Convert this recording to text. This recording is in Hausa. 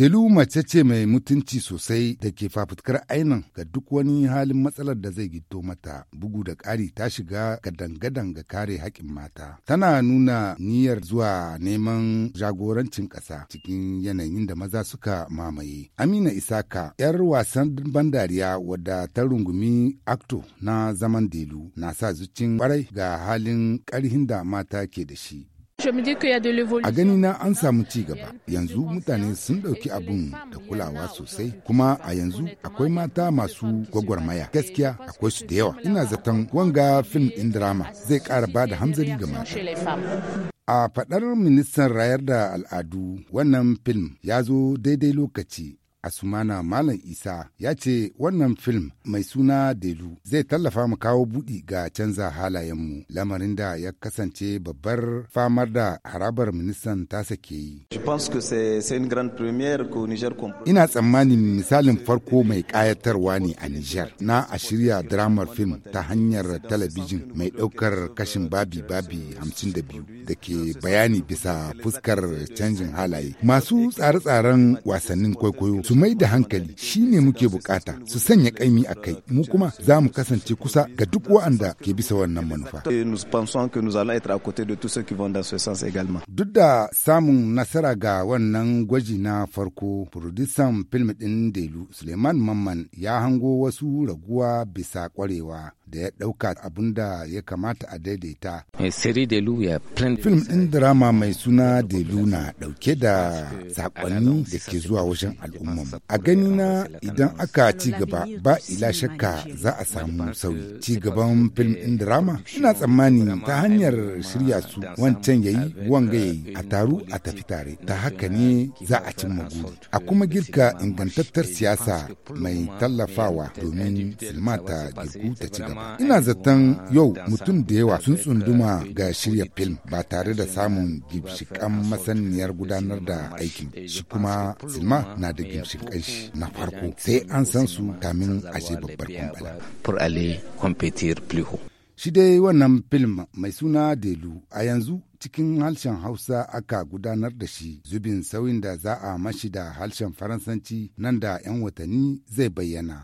Delu mace ce mai mutunci sosai da ke fafutkar ainin ga duk wani halin matsalar da zai gito mata bugu da ƙari ta shiga ga dangadan ga kare haƙƙin mata. Tana nuna niyyar zuwa neman jagorancin ƙasa cikin yanayin da maza suka mamaye. Amina Isaka, 'yar wasan bandariya wadda ta rungumi akto na zaman Delu na sa zucin ƙwarai ga halin ƙarhin da mata ke da shi. A gani na an samu ci gaba. Yanzu mutane sun ɗauki abun da kulawa sosai kuma a yanzu akwai mata masu gwagwarmaya. Gaskiya akwai su da yawa. Ina zaton wanga fim ɗin drama zai kara ba da hamzari ga mata. A faɗar ministan rayar da al'adu wannan fim ya zo daidai lokaci Asumana Malam Isa ya ce wannan film mai suna Delu zai tallafa mu kawo buɗi ga canza halayenmu lamarin da ya kasance babbar famar da harabar ministan ta sake yi. Ina tsammanin misalin farko mai ƙayatarwa ne a Nijar na a shirya dramar film ta hanyar talabijin mai ɗaukar kashin babi babi 52. da ke bayani bisa fuskar canjin halaye. Masu tsare-tsaren wasannin kwaikwayo su mai da hankali shine ne muke bukata su sanya kaimi a kai mu kuma za mu kasance kusa ga duk waɗanda ke bisa wannan manufa. Eh, duk da samun nasara ga wannan gwaji na farko, furudisan film ɗin Delu Suleiman Mamman ya hango wasu raguwa bisa ƙwarewa da ya ɗauka abinda ya kamata a daidaita. Eh, Siri Delu ya plan Film ɗin drama mai suna da Luna ɗauke da sakonni da ke zuwa wajen al'umma A gani na idan aka ci gaba ba ila shakka za a samu sauyi. Ci gaban film ɗin drama ina tsammani ta hanyar shirya su wancan yayi wanga yayi a taru a tafi tare. Ta haka ne za a cimma maguri A kuma girka ingantattar siyasa mai tallafawa domin silma ta girku ta ci gaba. Ina zaton yau mutum da yawa sun tsunduma ga shirya film ba tare da samun gimshikan masaniyar gudanar da aikin shi kuma silma na da gimshikan shi na farko sai an san su kamin a ce babbar kwamfala shi dai wannan film mai suna delu a yanzu cikin harshen hausa aka gudanar da shi zubin sauyin da za a mashi da harshen faransanci nan da 'yan watanni zai bayyana